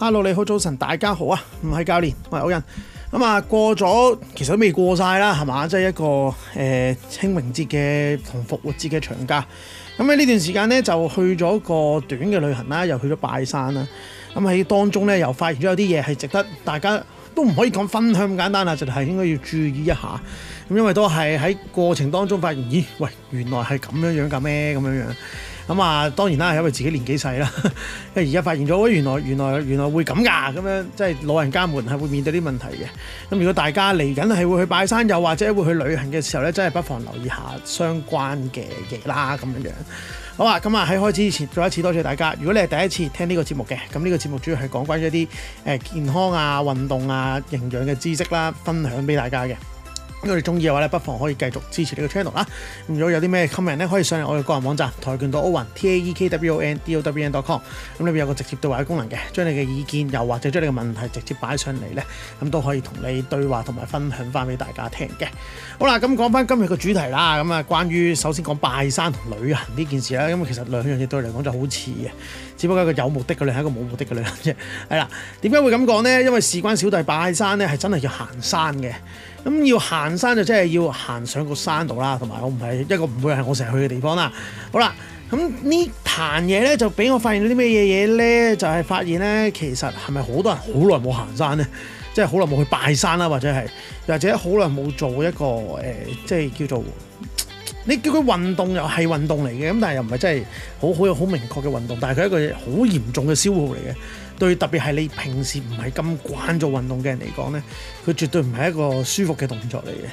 哈嘍，Hello，你好，早晨，大家好啊！唔係教練，我係歐人。咁啊，過咗，其實都未過晒啦，係嘛？即係一個誒清明節嘅同復活節嘅長假。咁喺呢段時間咧，就去咗個短嘅旅行啦，又去咗拜山啦。咁喺當中咧，又發現咗有啲嘢係值得大家都唔可以講分享咁簡單啦，就係應該要注意一下。咁因為都係喺過程當中發現，咦，喂，原來係咁樣樣噶咩？咁樣樣。咁啊，當然啦，因為自己年紀細啦，因為而家發現咗，喂，原來原來原來會咁噶，咁樣即係老人家們係會面對啲問題嘅。咁如果大家嚟緊係會去拜山，又或者會去旅行嘅時候咧，真係不妨留意下相關嘅嘢啦，咁樣樣。好啊，咁啊喺開始之前再一次多謝大家。如果你係第一次聽呢個節目嘅，咁呢個節目主要係講關於一啲誒健康啊、運動啊、營養嘅知識啦，分享俾大家嘅。如果你中意嘅話咧，不妨可以繼續支持呢個 channel 啦。咁如果有啲咩 comment 咧，可以上嚟我嘅個人網站跆拳道奧運 t a e k w o n d o w e n dot com。咁裏邊有一個直接對話嘅功能嘅，將你嘅意見又或者將你嘅問題直接擺上嚟咧，咁都可以同你對話同埋分享翻俾大家聽嘅。好啦，咁講翻今日嘅主題啦。咁啊，關於首先講拜山同旅行呢件事啦，因為其實兩樣嘢對你嚟講就好似嘅，只不過一個有目的嘅旅行，一個冇目的嘅旅行啫。係啦，點解會咁講咧？因為事關小弟拜山咧，係真係要行山嘅。咁要行山就真係要行上個山度啦，同埋我唔係一個唔會係我成日去嘅地方啦。好啦，咁呢壇嘢咧就俾我發現咗啲咩嘢嘢咧，就係、是、發現咧其實係咪好多人好耐冇行山咧，即係好耐冇去拜山啦，或者係或者好耐冇做一個誒、呃，即係叫做你叫佢運動又係運動嚟嘅，咁但係又唔係真係好好有好明確嘅運動，但係佢係一個好嚴重嘅消耗嚟嘅。對，特別係你平時唔係咁慣做運動嘅人嚟講呢，佢絕對唔係一個舒服嘅動作嚟嘅。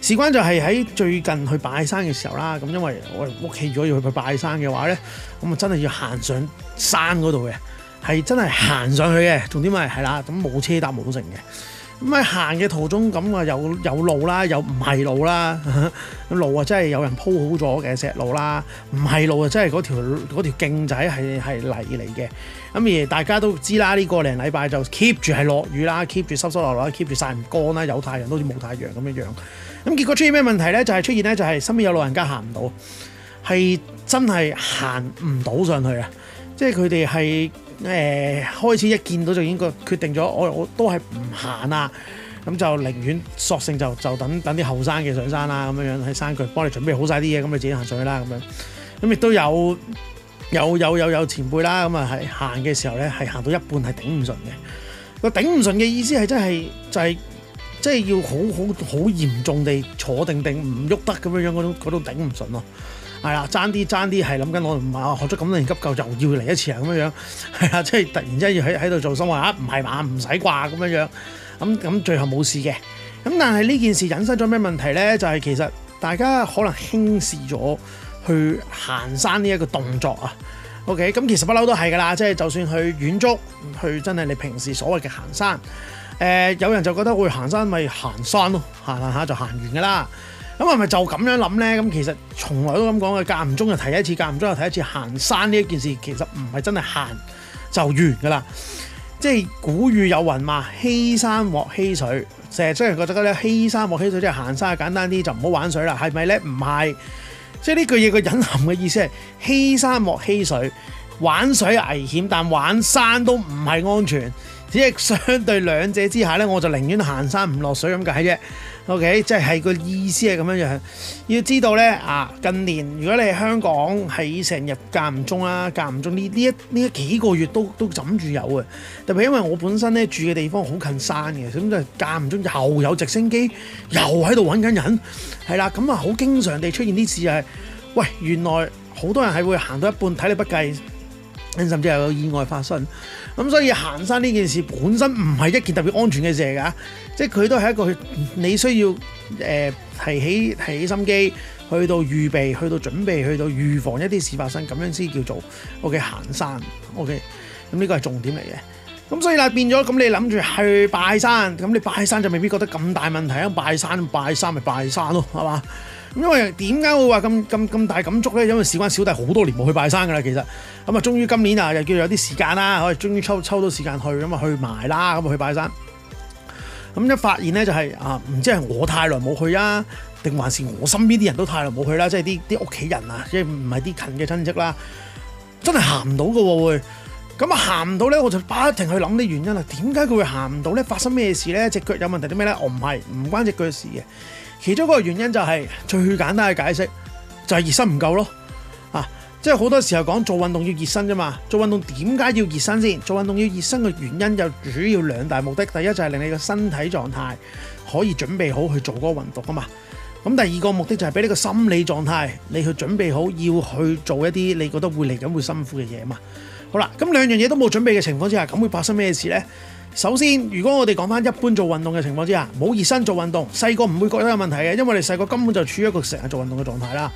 事關就係喺最近去拜山嘅時候啦，咁因為我哋屋企如果要去拜山嘅話呢，咁啊，真係要行上山嗰度嘅，係真係行上去嘅，重點係係啦，咁冇車搭冇剩嘅。咁喺行嘅途中咁啊，有有路啦，有唔係路啦。路啊，真係有人鋪好咗嘅石路啦，唔係路啊，真係嗰條嗰條徑仔係係泥嚟嘅。咁而大家都知啦，呢個零禮拜就 keep 住係落雨啦，keep 住濕濕落落，keep 住晒唔乾啦，有太陽都似冇太陽咁樣樣。咁結果出現咩問題咧？就係出現咧，就係身邊有老人家行唔到，係真係行唔到上去啊！即係佢哋係。誒、呃、開始一見到就已經決定咗，我我都係唔行啦，咁就寧願索性就就等等啲後生嘅上山啦，咁樣樣喺山腳幫你準備好晒啲嘢，咁你自己行上去啦，咁樣咁亦都有有有有有前輩啦，咁啊係行嘅時候咧，係行到一半係頂唔順嘅，個頂唔順嘅意思係真係就係即係要好好好嚴重地坐定定唔喐得咁樣樣嗰種嗰種頂唔順咯。係啦，爭啲爭啲係諗緊，我唔係我學咗咁多年急救，又要嚟一次啊咁樣樣，係啊，即係突然之間要喺喺度做，生活啊唔係嘛，唔使啩咁樣樣，咁咁最後冇事嘅。咁但係呢件事引申咗咩問題咧？就係、是、其實大家可能輕視咗去行山呢一個動作啊。OK，咁其實不嬲都係㗎啦，即係就算去遠足，去真係你平時所謂嘅行山，誒、呃、有人就覺得我會行山咪行山咯，行行下就行完㗎啦。咁係咪就咁樣諗呢？咁其實從來都咁講嘅，間唔中就提一次，間唔中就提一次行山呢一件事，其實唔係真係行就完噶啦。即係古語有云嘛，欺山莫欺水，成日都有人覺得咧，欺山莫欺水，即係行山簡單啲就唔好玩水啦。係咪呢？唔係。即係呢句嘢佢隱含嘅意思係，欺山莫欺水，玩水危險，但玩山都唔係安全。只係相對兩者之下呢，我就寧願行山唔落水咁解啫。O.K. 即係個意思係咁樣樣，要知道咧啊！近年如果你係香港，喺成日間唔中啦，間唔中呢呢一呢一,一幾個月都都枕住有嘅。特別因為我本身咧住嘅地方好近山嘅，咁就間唔中又有直升機又喺度揾緊人，係啦，咁啊好經常地出現啲事係、就係，喂，原來好多人係會行到一半體力不繼，甚至有意外發生。咁所以行山呢件事本身唔係一件特別安全嘅事㗎。即係佢都係一個，你需要誒、呃、提起提起心機，去到預備，去到準備，去到預防一啲事發生，咁樣先叫做 OK 行山。OK，咁呢個係重點嚟嘅。咁所以啦，變咗咁你諗住去拜山，咁你拜山就未必覺得咁大問題啊！拜山拜山咪拜山咯，係嘛？咁因為點解會話咁咁咁大感觸咧？因為事關小弟好多年冇去拜山㗎啦，其實咁啊，嗯、終於今年啊，又叫做有啲時間啦，可以終於抽抽到時間去，咁啊去埋啦，咁啊去拜山。咁一發現咧、就是，就係啊，唔知係我太耐冇去啊，定還是我身邊啲人都太耐冇去啦？即係啲啲屋企人啊，即係唔係啲近嘅親戚啦，真係行唔到㗎喎喂。咁啊行唔到咧，我就不停去諗啲原因啦。點解佢會行唔到咧？發生咩事咧？隻腳有問題啲咩咧？我唔係唔關隻腳的事嘅。其中一個原因就係、是、最簡單嘅解釋，就係、是、熱身唔夠咯。即係好多時候講做運動要熱身啫嘛，做運動點解要熱身先？做運動要熱身嘅原因有主要兩大目的，第一就係令你嘅身體狀態可以準備好去做嗰個運動啊嘛。咁第二個目的就係俾你個心理狀態，你去準備好要去做一啲你覺得會嚟緊會辛苦嘅嘢啊嘛。好啦，咁兩樣嘢都冇準備嘅情況之下，咁會發生咩事呢？首先，如果我哋講翻一般做運動嘅情況之下，冇熱身做運動，細個唔會覺得有問題嘅，因為你細個根本就處於一個成日做運動嘅狀態啦。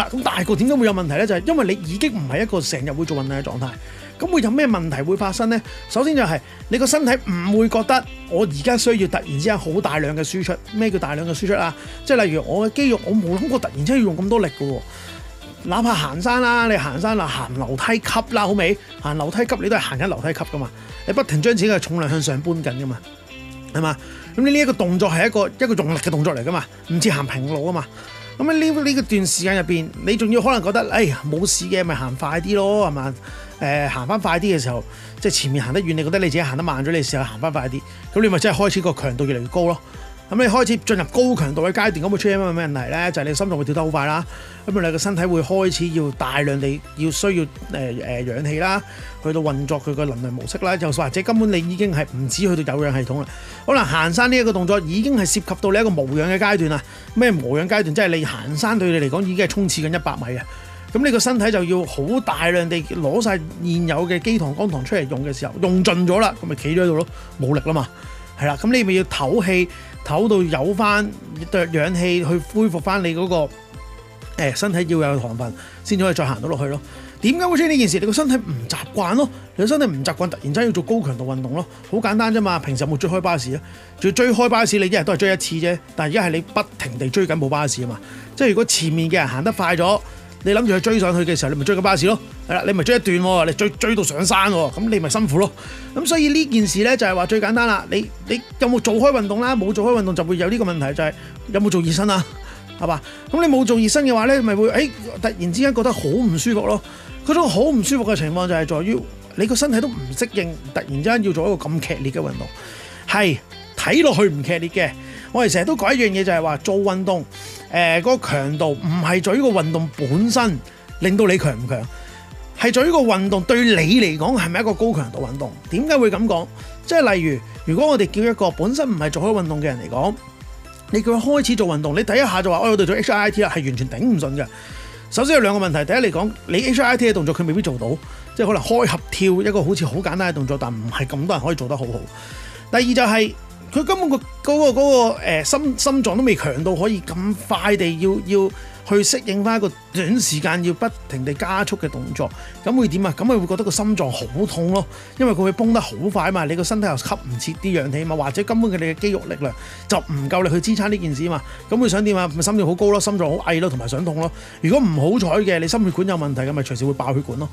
嗱，咁大個點解會有問題咧？就係因為你已經唔係一個成日會做運動嘅狀態，咁會有咩問題會發生咧？首先就係你個身體唔會覺得我而家需要突然之間好大量嘅輸出。咩叫大量嘅輸出啊？即係例如我嘅肌肉，我冇諗過突然之間要用咁多力嘅喎。哪怕行山啦，你行山啦，行樓梯級啦，好未？行樓梯級你都係行緊樓梯級噶嘛？你不停將自己嘅重量向上搬緊噶嘛？係嘛？咁你呢一個動作係一個一個用力嘅動作嚟噶嘛？唔似行平路啊嘛？咁喺呢呢個段時間入面，你仲要可能覺得，哎呀冇事嘅咪行快啲咯，係嘛？行、呃、翻快啲嘅時候，即、就、係、是、前面行得遠，你覺得你自己行得慢咗，你時候，行翻快啲，咁你咪真係開始個強度越嚟越高咯。咁你開始進入高強度嘅階段，咁會出現啲咩問題咧？就係你心臟會跳得好快啦，咁啊你個身體會開始要大量地要需要、呃呃、氧氣啦，去到運作佢個能量模式啦，又或者根本你已經係唔止去到有氧系統啦。好啦，行山呢一個動作已經係涉及到你一個無氧嘅階段啦！咩無氧階段？即係你行山對你嚟講已經係衝刺緊一百米啊！咁你個身體就要好大量地攞曬現有嘅肌糖、肝糖出嚟用嘅時候，用盡咗啦，咁咪企咗喺度咯，冇力啦嘛，係啦，咁你咪要唞氣。唞到有翻對氧氣去恢復翻你嗰個身體，要有糖分，先可以再行到落去咯。點解會出現呢件事？你個身體唔習慣咯，你個身體唔習慣突然之間要做高強度運動咯，好簡單啫嘛。平時有冇追開巴士啊？仲要追開巴士，你一日都係追一次啫。但係而家係你不停地追緊部巴士啊嘛，即係如果前面嘅人行得快咗。你諗住去追上去嘅時候，你咪追個巴士咯，係啦，你咪追一段，你追追到上山，咁你咪辛苦咯。咁所以呢件事咧就係話最簡單啦，你你有冇做開運動啦？冇做開運動就會有呢個問題，就係、係、有冇做熱身啦、啊，係嘛？咁你冇做熱身嘅話咧，咪會誒突然之間覺得好唔舒服咯。嗰種好唔舒服嘅情況就係在於你個身體都唔適應，突然之間要做一個咁劇烈嘅運動，係睇落去唔劇烈嘅。我哋成日都講一樣嘢，就係話做運動。誒，呃那個強度唔係在呢個運動本身令到你強唔強，係在呢個運動對你嚟講係咪一個高強度運動？點解會咁講？即係例如，如果我哋叫一個本身唔係做開運動嘅人嚟講，你叫佢開始做運動，你第一下就話、哎、我哋做 HIIT 啊，係完全頂唔順嘅。首先有兩個問題，第一嚟講，你 HIIT 嘅動作佢未必做到，即係可能開合跳一個好似好簡單嘅動作，但唔係咁多人可以做得好好。第二就係、是。佢根本個、嗰個、嗰個、欸、心心臟都未強到可以咁快地要要去適應翻一個短時間要不停地加速嘅動作，咁會點啊？咁佢會覺得個心臟好痛咯，因為佢會崩得好快啊嘛！你個身體又吸唔切啲氧氣嘛，或者根本佢哋嘅肌肉力量就唔夠力去支撐呢件事啊嘛！咁會想點啊？咪心跳好高咯，心臟好翳咯，同埋想痛咯。如果唔好彩嘅，你心血管有問題咁，咪隨時會爆血管咯。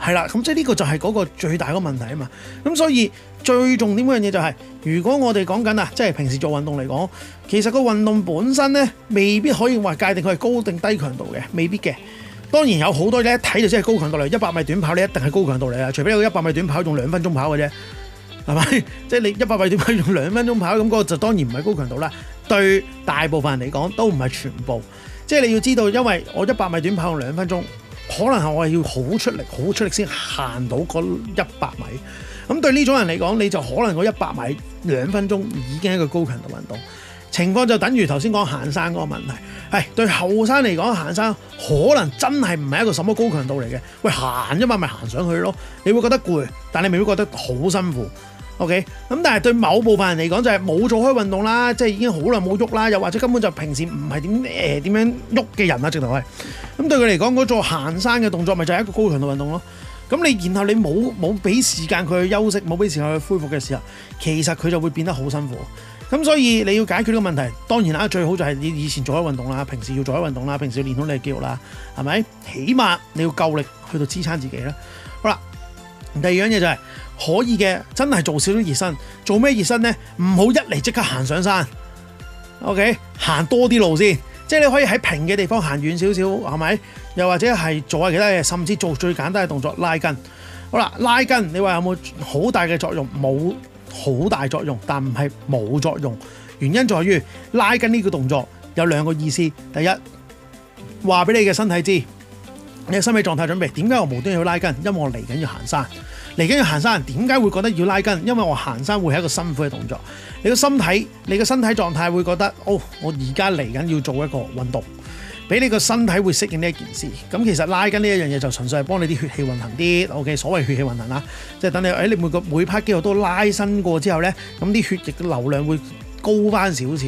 係啦，咁即係呢個就係嗰個最大嘅問題啊嘛。咁所以。最重點嗰樣嘢就係，如果我哋講緊啊，即係平時做運動嚟講，其實個運動本身呢，未必可以話界定佢係高定低強度嘅，未必嘅。當然有好多你一睇就真係高強度嚟，一百米短跑你一定係高強度嚟啊，除非你有一百米短跑用兩分鐘跑嘅啫，係咪？即係你一百米短跑用兩分鐘跑，咁嗰個就當然唔係高強度啦。對大部分人嚟講，都唔係全部。即係你要知道，因為我一百米短跑用兩分鐘，可能係我係要好出力、好出力先行到嗰一百米。咁、嗯、對呢種人嚟講，你就可能嗰一百米兩分鐘已經係一個高強度運動。情況就等於頭先講行山嗰個問題，對對後生嚟講行山可能真係唔係一個什麼高強度嚟嘅。喂，行啫嘛，咪行上去咯。你會覺得攰，但你未必覺得好辛苦。OK，咁、嗯、但係對某部分人嚟講就係、是、冇做開運動啦，即係已經好耐冇喐啦，又或者根本就平時唔係點誒點樣喐嘅、呃、人啦，直頭係。咁、嗯、對佢嚟講嗰做行山嘅動作咪就係一個高強度運動咯。咁你然後你冇冇俾時間佢去休息，冇俾時間佢去恢復嘅時候，其實佢就會變得好辛苦。咁所以你要解決呢個問題，當然啦，最好就係你以前做開運動啦，平時要做開運動啦，平時練好你嘅肌肉啦，係咪？起碼你要夠力去到支撐自己啦。好啦，第二樣嘢就係可以嘅，真係做少少熱身。做咩熱身呢？唔好一嚟即刻行上山。OK，行多啲路先，即係你可以喺平嘅地方行遠少少，係咪？又或者係做下其他嘢，甚至做最簡單嘅動作拉筋。好啦，拉筋，你話有冇好大嘅作用？冇好大作用，但唔係冇作用。原因在於拉筋呢個動作有兩個意思。第一，話俾你嘅身體知，你嘅身體狀態準備。點解我無端要拉筋？因為我嚟緊要行山。嚟緊要行山，點解會覺得要拉筋？因為我行山會係一個辛苦嘅動作。你個身體，你嘅身體狀態會覺得，哦，我而家嚟緊要做一個運動。俾你個身體會適應呢一件事，咁其實拉筋呢一樣嘢就純粹係幫你啲血氣運行啲，OK？所謂血氣運行啦，即係等你，誒每個每 part 肌肉都拉伸過之後呢，咁啲血液嘅流量會高翻少少，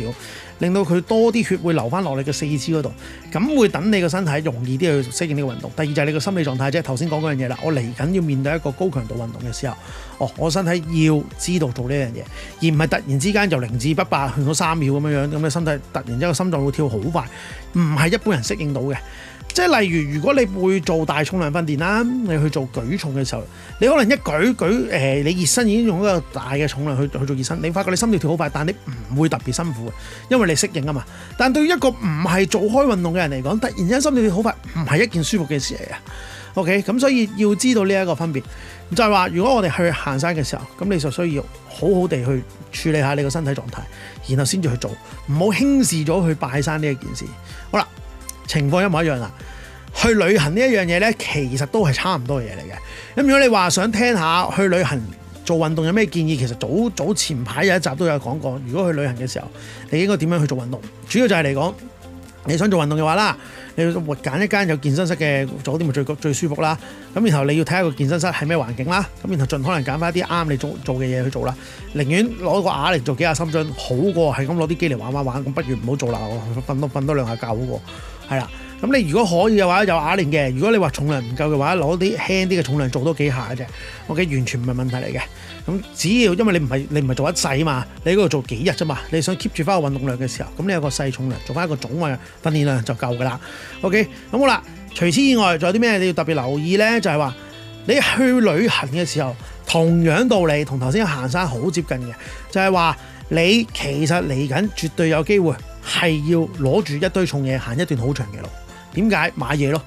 令到佢多啲血會流翻落你嘅四肢嗰度，咁會等你嘅身體容易啲去適應呢個運動。第二就係你嘅心理狀態，即係頭先講嗰樣嘢啦，我嚟緊要面對一個高強度運動嘅時候，哦，我身體要知道做呢樣嘢，而唔係突然之間就零至不敗去到三秒咁樣樣咁嘅身體，突然之間個心臟會跳好快，唔係一般人適應到嘅。即係例如，如果你會做大重量訓練啦，你去做舉重嘅時候，你可能一舉舉、呃、你熱身已經用一個大嘅重量去去做熱身，你發覺你心跳跳好快，但你唔會特別辛苦，因為你適應啊嘛。但對一個唔係做開運動嘅人嚟講，突然間心跳跳好快，唔係一件舒服嘅事嚟啊。OK，咁所以要知道呢一個分別，就係話如果我哋去行山嘅時候，咁你就需要好好地去處理下你個身體狀態，然後先至去做，唔好輕視咗去拜山呢一件事。好啦。情況一模一樣啦。去旅行呢一樣嘢呢，其實都係差唔多嘢嚟嘅。咁如果你話想聽下去旅行做運動有咩建議，其實早早前排有一集都有講過。如果去旅行嘅時候，你應該點樣去做運動？主要就係嚟講。你想做運動嘅話啦，你要揀一間有健身室嘅酒店咪最最舒服啦。咁然後你要睇下個健身室係咩環境啦。咁然後盡可能揀翻一啲啱你做做嘅嘢去做啦。寧願攞個啞鈴嚟做幾下深蹲，好過係咁攞啲機嚟玩玩玩。咁不如唔好做啦，瞓多瞓多兩下覺好過，係啦。咁你如果可以嘅話，有啞鈴嘅；如果你話重量唔夠嘅話，攞啲輕啲嘅重量做多幾下嘅啫，OK，完全唔係問題嚟嘅。咁只要因為你唔係你唔係做一世啊嘛，你嗰度做幾日啫嘛，你想 keep 住翻個運動量嘅時候，咁你有個細重量做翻一個總嘅訓練量就夠噶啦。OK，咁好啦。除此之外，仲有啲咩你要特別留意呢？就係話你去旅行嘅時候，同樣道理同頭先行山好接近嘅，就係話你其實嚟緊絕對有機會係要攞住一堆重嘢行一段好長嘅路。點解買嘢咯？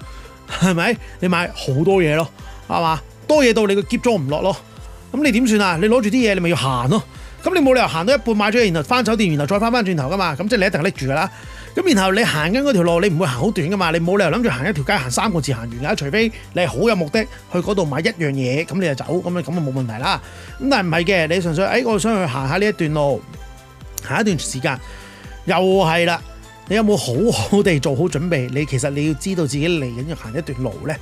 係咪？你買好多嘢咯，係嘛？多嘢到你個喼裝唔落咯，咁你點算啊？你攞住啲嘢，你咪要行咯。咁你冇理由行到一半買咗嘢，然後翻酒店，然後再翻翻轉頭噶嘛？咁即係你一定係拎住噶啦。咁然後你行緊嗰條路，你唔會行好短噶嘛？你冇理由諗住行一條街，行三個字行完噶，除非你好有目的去嗰度買一樣嘢，咁你就走，咁啊咁啊冇問題啦。咁但係唔係嘅，你純粹誒、哎，我想去行下呢一段路，行一段時間，又係啦。你有冇好好地做好準備？你其實你要知道自己嚟緊要行一段路呢。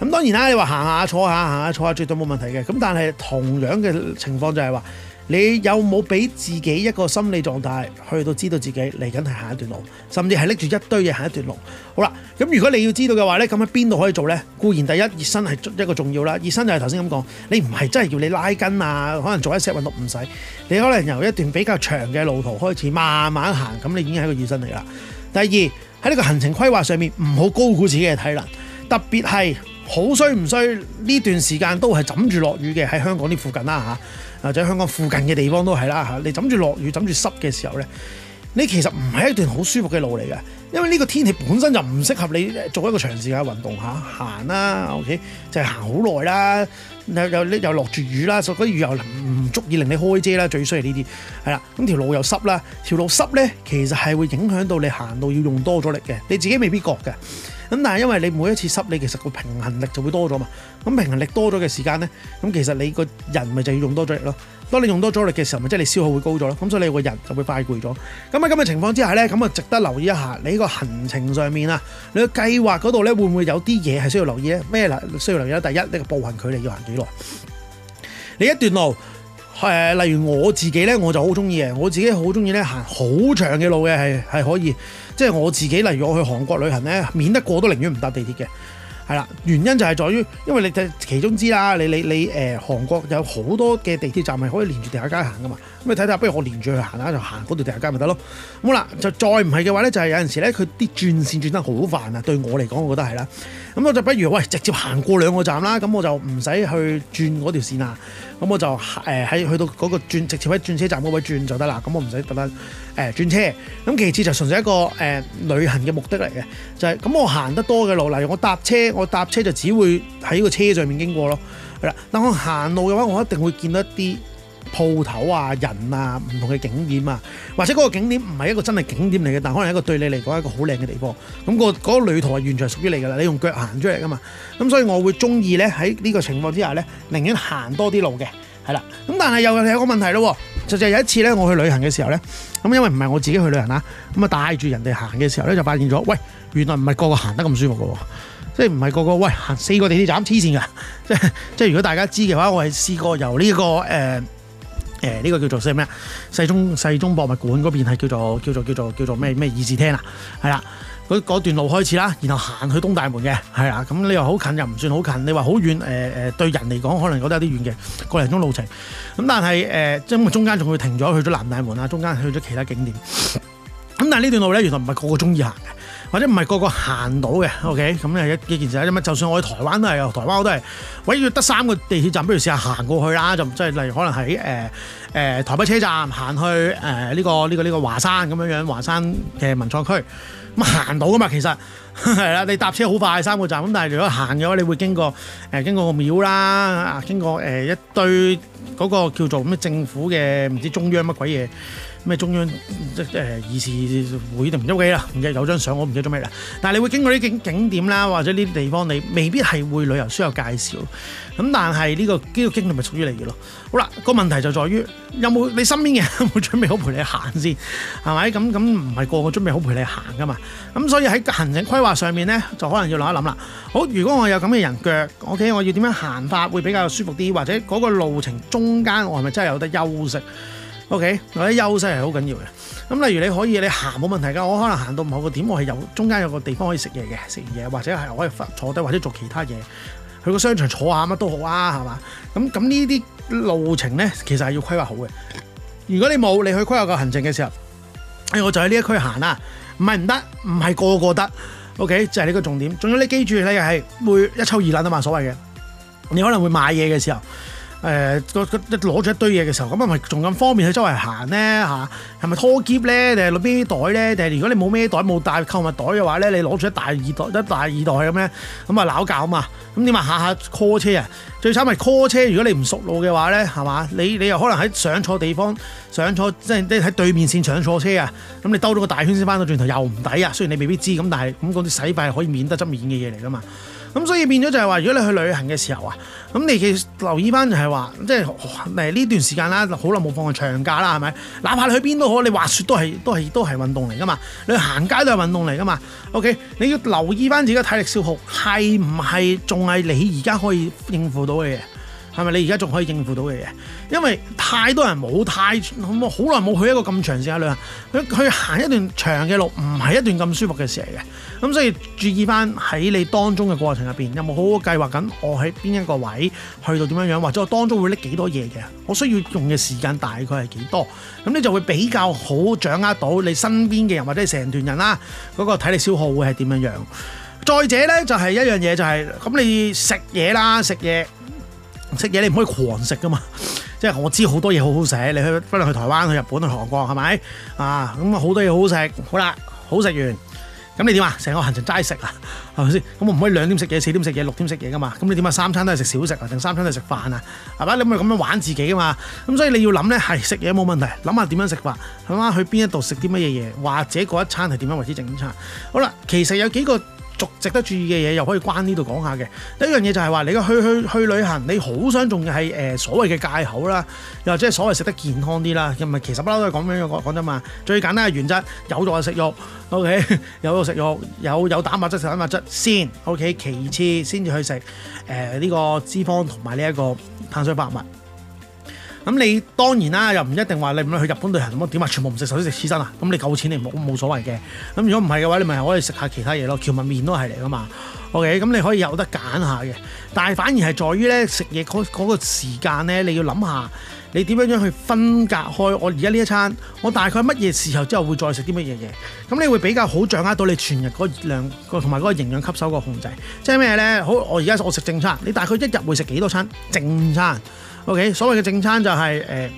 咁當然啦，你話行下、坐下行下、坐下，絕對冇問題嘅。咁但係同樣嘅情況就係話。你有冇俾自己一個心理狀態去到知道自己嚟緊係下一段路，甚至係拎住一堆嘢行一段路？好啦，咁如果你要知道嘅話呢，咁喺邊度可以做呢？固然第一熱身係一個重要啦，熱身就係頭先咁講，你唔係真係要你拉筋啊，可能做一 set 運動唔使，你可能由一段比較長嘅路途開始慢慢行，咁你已經係一個熱身嚟啦。第二，喺呢個行程規劃上面，唔好高估自己嘅體能，特別係好衰唔衰呢段時間都係枕住落雨嘅，喺香港啲附近啦吓或者在香港附近嘅地方都係啦嚇，你枕住落雨、枕住濕嘅時候咧，你其實唔係一段好舒服嘅路嚟嘅，因為呢個天氣本身就唔適合你做一個長時間運動下行啦。OK，就係行好耐啦，又又又落住雨啦，嗰啲雨又唔足以令你開遮啦。最衰係呢啲係啦，咁條路又濕啦，條路濕咧其實係會影響到你行路要用多咗力嘅，你自己未必覺嘅。咁但係因為你每一次濕，你其實個平衡力就會多咗嘛，咁平衡力多咗嘅時間咧，咁其實你個人咪就要用多咗力咯。當你用多咗力嘅時候，咪即係你消耗會高咗咯。咁所以你個人就會快攰咗。咁喺咁嘅情況之下咧，咁啊值得留意一下你呢個行程上面啊，你嘅計劃嗰度咧，會唔會有啲嘢，係需要留意咧？咩嗱？需要留意咧？第一，你個步行距離要行幾耐？你一段路，誒，例如我自己咧，我就好中意嘅，我自己好中意咧，行好長嘅路嘅，係係可以。即係我自己，例如我去韓國旅行咧，免得過都寧願唔搭地鐵嘅，係啦。原因就係在於，因為你睇其中之啦，你你你誒、呃、韓國有好多嘅地鐵站係可以連住地下街行噶嘛。咁睇睇，不如我連住去行啦，就行嗰條地下街咪得咯。好啦，就再唔係嘅話咧，就係、是、有陣時咧，佢啲轉線轉得好煩啊。對我嚟講，我覺得係啦。咁我就不如喂，直接行過兩個站啦。咁我就唔使去轉嗰條線啊。咁我就誒喺、呃、去到嗰個轉，直接喺轉車站嗰位轉就得啦。咁我唔使特登誒、呃、轉車。咁其次就純粹一個誒、呃、旅行嘅目的嚟嘅，就係、是、咁我行得多嘅路。例如我搭車，我搭車就只會喺個車上面經過咯。係啦，但我行路嘅話，我一定會見到一啲鋪頭啊、人啊、唔同嘅景點啊，或者嗰個景點唔係一個真係景點嚟嘅，但可能係一個對你嚟講一個好靚嘅地方。咁個嗰個旅途係完全屬於你㗎啦，你用腳行出嚟㗎嘛。咁所以我會中意咧喺呢個情況之下咧，寧願行多啲路嘅，係啦。咁但係又有一個問題咯。就就有一次咧，我去旅行嘅時候咧，咁因為唔係我自己去旅行啦，咁啊帶住人哋行嘅時候咧，就發現咗，喂，原來唔係個個行得咁舒服㗎，即係唔係個個喂，行四個地鐵站黐線㗎。即即 如果大家知嘅話，我係試過由呢個誒。呃誒呢、呃這個叫做咩啊？世宗世宗博物館嗰邊係叫做叫做叫做叫做咩咩議事廳啦，係啦，嗰、啊、段路開始啦，然後行去東大門嘅，係啦，咁你話好近又唔算好近，你話好遠誒誒對人嚟講可能覺得有啲遠嘅，個零鐘路程，咁但係誒即中間仲會停咗去咗南大門啊，中間去咗其他景點，咁但係呢段路咧原來唔係個個中意行或者唔係個個行到嘅，OK，咁又一件事啦。就算我喺台灣都係，台灣我都係，我只要得三個地鐵站，不如試下行過去啦。就即係例如可能喺、呃呃、台北車站行去誒呢個呢個呢個華山咁樣樣，華山嘅文創區咁行到噶嘛，其實。係啦， 你搭車好快三個站，咁但係如果行嘅話，你會經過誒、呃、經過個廟啦，啊經過誒、呃、一堆嗰個叫做咩政府嘅唔知中央乜鬼嘢咩中央即誒、呃、議事會定唔知邊個啦，有張相我唔知做咩啦，但係你會經過啲景景點啦，或者呢啲地方你未必係會旅遊書有介紹，咁但係呢、呢個呢、呢個經歷咪屬於你嘅咯。好啦，個問題就在於有冇你身邊嘅人有冇準備好陪你行先，係咪咁？咁唔係個個準備好陪你行噶嘛，咁所以喺行程規劃話上面咧就可能要諗一諗啦。好，如果我有咁嘅人腳，O K，我要點樣行法會比較舒服啲？或者嗰個路程中間我係咪真係有得休息？OK，有得休息係好緊要嘅。咁例如你可以你行冇問題噶，我可能行到某個點，我係有中間有個地方可以食嘢嘅，食完嘢或者係我可以坐低或者做其他嘢，去個商場坐下乜都好啊，係嘛？咁咁呢啲路程咧，其實係要規劃好嘅。如果你冇，你去規劃個行程嘅時候，哎，我就喺呢一區行啦，唔係唔得，唔係個個得。O.K. 就係呢個重點，仲有你記住你係會一抽二掕啊嘛，所謂嘅，你可能會買嘢嘅時候。誒個個攞住一堆嘢嘅時候，咁係咪仲咁方便去周圍行咧嚇？係咪拖喼咧？定係攞邊啲袋咧？定係如果你冇咩袋冇帶購物袋嘅話咧，你攞住一大二袋一大二袋咁咧，咁啊撈教啊嘛！咁點啊下下 call 車啊！最慘係 call 車，如果你唔熟路嘅話咧，係嘛？你你又可能喺上錯地方上錯，即係即係喺對面線上錯車啊！咁你兜咗個大圈先翻到轉頭，又唔抵啊！雖然你未必知，咁但係咁嗰啲洗費可以免得則免嘅嘢嚟噶嘛。咁、嗯、所以變咗就係話，如果你去旅行嘅時候啊，咁你其實留意翻就係話，即係嚟呢段時間啦，好耐冇放過長假啦，係咪？哪怕你去邊都好，你滑雪都係都係都係運動嚟噶嘛，你去行街都係運動嚟噶嘛。OK，你要留意翻自己體力消耗係唔係仲係你而家可以應付到嘅。係咪你而家仲可以應付到嘅嘢？因為太多人冇太好耐冇去一個咁長時間旅行，去行一段長嘅路，唔係一段咁舒服嘅事嚟嘅。咁所以注意翻喺你當中嘅過程入面，有冇好好計劃緊？我喺邊一個位去到點樣樣，或者我當中會拎幾多嘢嘅？我需要用嘅時間大概係幾多？咁你就會比較好掌握到你身邊嘅人或者成團人啦嗰個體力消耗會係點樣樣。再者呢，就係一樣嘢就係咁，你食嘢啦，食嘢。食嘢你唔可以狂食噶嘛，即係我知好多嘢好好食，你去不論去台灣、去日本、去韓國係咪啊？咁好多嘢好好食，好啦，好食完，咁你點啊？成個行程齋食啊，係咪先？咁我唔可以兩點食嘢、四點食嘢、六點食嘢噶嘛？咁你點啊？三餐都係食小食啊，定三餐都係食飯啊？係嘛？你咪咁樣玩自己噶嘛？咁所以你要諗咧，係食嘢冇問題，諗下點樣食法，諗下去邊一度食啲乜嘢嘢，或者嗰一餐係點樣為之正餐。好啦，其實有幾個。值得注意嘅嘢，又可以關呢度講下嘅。第一樣嘢就係話你個去去去旅行，你好想仲要係誒所謂嘅戒口啦，又或者所謂食得健康啲啦，咁咪其實不嬲都係咁樣講講啫嘛。最簡單嘅原則，有肉食肉，OK，有肉食肉，有有蛋白質食蛋白質先，OK。其次先至去食誒呢個脂肪同埋呢一個碳水化合物。咁你當然啦，又唔一定話你唔去日本旅行，咁點啊，全部唔食壽司食刺身啊！咁你夠錢你冇冇所謂嘅。咁如果唔係嘅話，你咪可以食下其他嘢咯，蕎麥麵都係嚟噶嘛。OK，咁你可以有得揀下嘅。但係反而係在於咧食嘢嗰嗰個時間咧，你要諗下你點樣樣去分隔開我而家呢一餐，我大概乜嘢時候之後會再食啲乜嘢嘢？咁你會比較好掌握到你全日嗰個熱量同埋嗰個營養吸收個控制。即係咩咧？好，我而家我食正餐，你大概一日會食幾多餐？正餐。O.K. 所謂嘅正餐就係、係、誒，即、呃、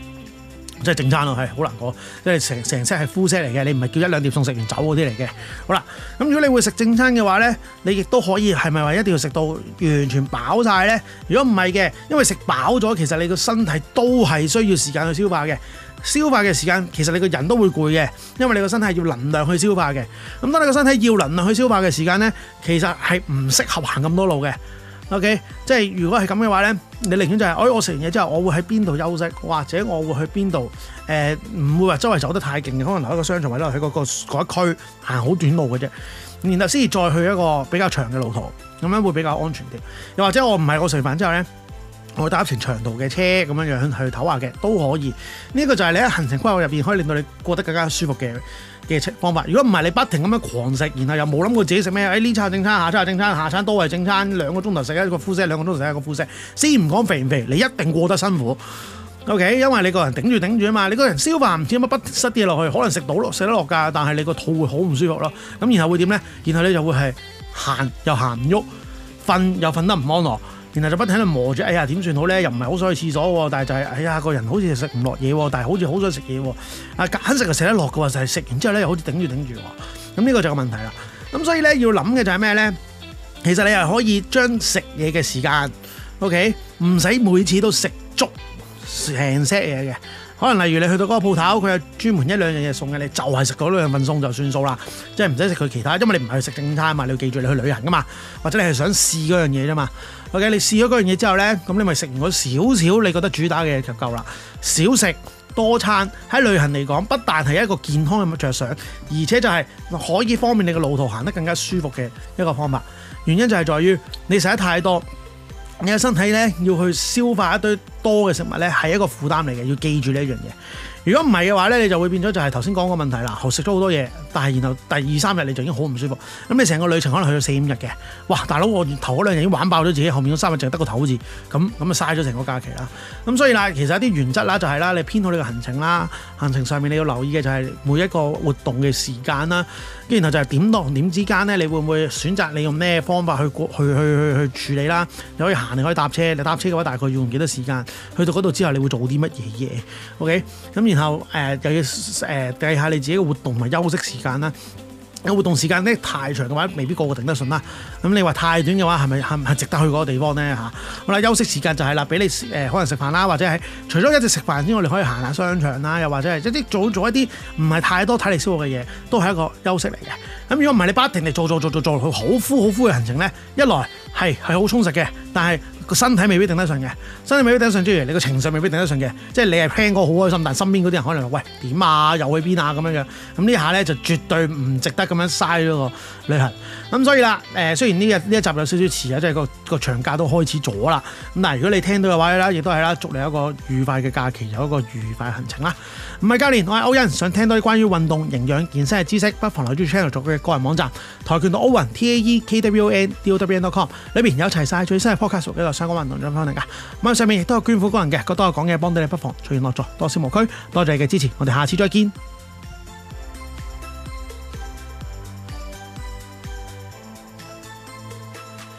係正餐咯，係好難講，即係成成 set 係 full set 嚟嘅，你唔係叫一兩碟餸食完走嗰啲嚟嘅。好啦，咁如果你會食正餐嘅話呢，你亦都可以係咪話一定要食到完全飽晒呢？如果唔係嘅，因為食飽咗，其實你個身體都係需要時間去消化嘅。消化嘅時間其實你個人都會攰嘅，因為你個身，身體要能量去消化嘅。咁當你個身體要能量去消化嘅時間呢，其實係唔適合行咁多路嘅。O.K. 即係如果係咁嘅話咧，你寧願就係，哎，我食完嘢之後，我會喺邊度休息，或者我會去邊度？誒、呃，唔會話周圍走得太勁嘅，可能留喺個商場，或者留喺嗰個嗰一區行好短路嘅啫，然後先至再去一個比較長嘅路途，咁樣會比較安全啲。又或者我唔係我食飯之後咧。我搭一段長途嘅車咁樣樣去唞下嘅都可以，呢、這個就係你喺行程規劃入邊可以令到你過得更加舒服嘅嘅方法。如果唔係你不停咁樣狂食，然後又冇諗過自己食咩？誒呢餐正餐，下餐又正餐，下餐都係正餐，兩個鐘頭食一個 full set，兩個鐘頭食一個 full set。先唔講肥唔肥，你一定過得辛苦。OK，因為你個人頂住頂住啊嘛，你個人消化唔知乜不，不塞啲嘢落去，可能食到咯，食得落㗎，但係你個肚會好唔舒服咯。咁然後會點咧？然後你就會係行又行唔喐，瞓又瞓得唔安樂。然後就不停喺度磨住，哎呀點算好咧？又唔係好想去廁所，但係就係、是、哎呀個人好似食唔落嘢，但係好似好想食嘢。啊，揀食就食得落嘅話，就係食完之後咧，又好似頂住頂住。咁、嗯、呢、這個就有問題啦。咁、嗯、所以咧要諗嘅就係咩咧？其實你係可以將食嘢嘅時間，OK，唔使每次都食足成 set 嘢嘅。可能例如你去到嗰個鋪頭佢有專門一兩樣嘢送嘅你，就係食嗰兩份餸就算數啦，即係唔使食佢其他，因為你唔係去食正餐嘛，你要記住你去旅行㗎嘛，或者你係想試嗰樣嘢啫嘛。OK，你試咗嗰樣嘢之後呢，咁你咪食完嗰少少，你覺得主打嘅就夠啦，少食多餐喺旅行嚟講，不但係一個健康嘅着想，而且就係可以方便你嘅路途行得更加舒服嘅一個方法。原因就係在於你食得太多。你嘅身體咧要去消化一堆多嘅食物咧，係一個負擔嚟嘅，要記住呢一樣嘢。如果唔係嘅話咧，你就會變咗就係頭先講個問題啦。食咗好多嘢，但係然後第二三日你就已經好唔舒服。咁你成個旅程可能去咗四五日嘅，哇！大佬我頭嗰兩日已經玩爆咗自己，後面嗰三日淨係得個頭字。咁咁啊嘥咗成個假期啦。咁所以啦，其實一啲原則啦就係啦，你編好你個行程啦，行程上面你要留意嘅就係每一個活動嘅時間啦。跟然後就係點到同點之間咧，你會唔會選擇你用咩方法去去去去去處理啦？你可以行，你可以搭車。你搭車嘅話，大概要用幾多時間去到嗰度之後，你會做啲乜嘢嘢？OK，咁然後誒、呃、又要誒、呃、計下你自己嘅活動同埋、就是、休息時間啦。個活動時間咧太長嘅話，未必個個頂得順啦。咁你話太短嘅話，係咪係係值得去嗰個地方咧？好啦，休息時間就係啦，俾你誒、呃、可能食飯啦，或者係除咗一直食飯之外，你可以行下商場啦，又或者係一啲做做一啲唔係太多體力消耗嘅嘢，都係一個休息嚟嘅。咁如果唔係你不停地做做做做做，好枯、好枯嘅行程咧，一來。係係好充實嘅，但係個身體未必頂得順嘅，身體未必頂得順之餘，你個情緒未必頂得順嘅，即係你係 plan 嗰個好開心，但係身邊嗰啲人可能話喂，點啊，又去邊啊咁樣樣，咁呢下咧就絕對唔值得咁樣嘥咗個旅行。咁所以啦，誒、呃、雖然呢日呢一集有少少遲啊，即、就、係、是、個個長假都開始咗啦，咁但係如果你聽到嘅話咧，亦都係啦，祝你有一個愉快嘅假期，有一個愉快行程啦。唔係教練，我係歐恩，想聽多啲關於運動、營養、健身嘅知識，不妨留意住 channel 做嘅個人網站跆拳道歐恩 taekwondowen.com 裏邊有齊晒最新嘅 podcast 幾台相關運動嘅翻嚟㗎。網上面亦都有捐款功能嘅，覺得我講嘢幫到你，不妨隨緣樂助，多少無拘，多謝你嘅支持，我哋下次再見。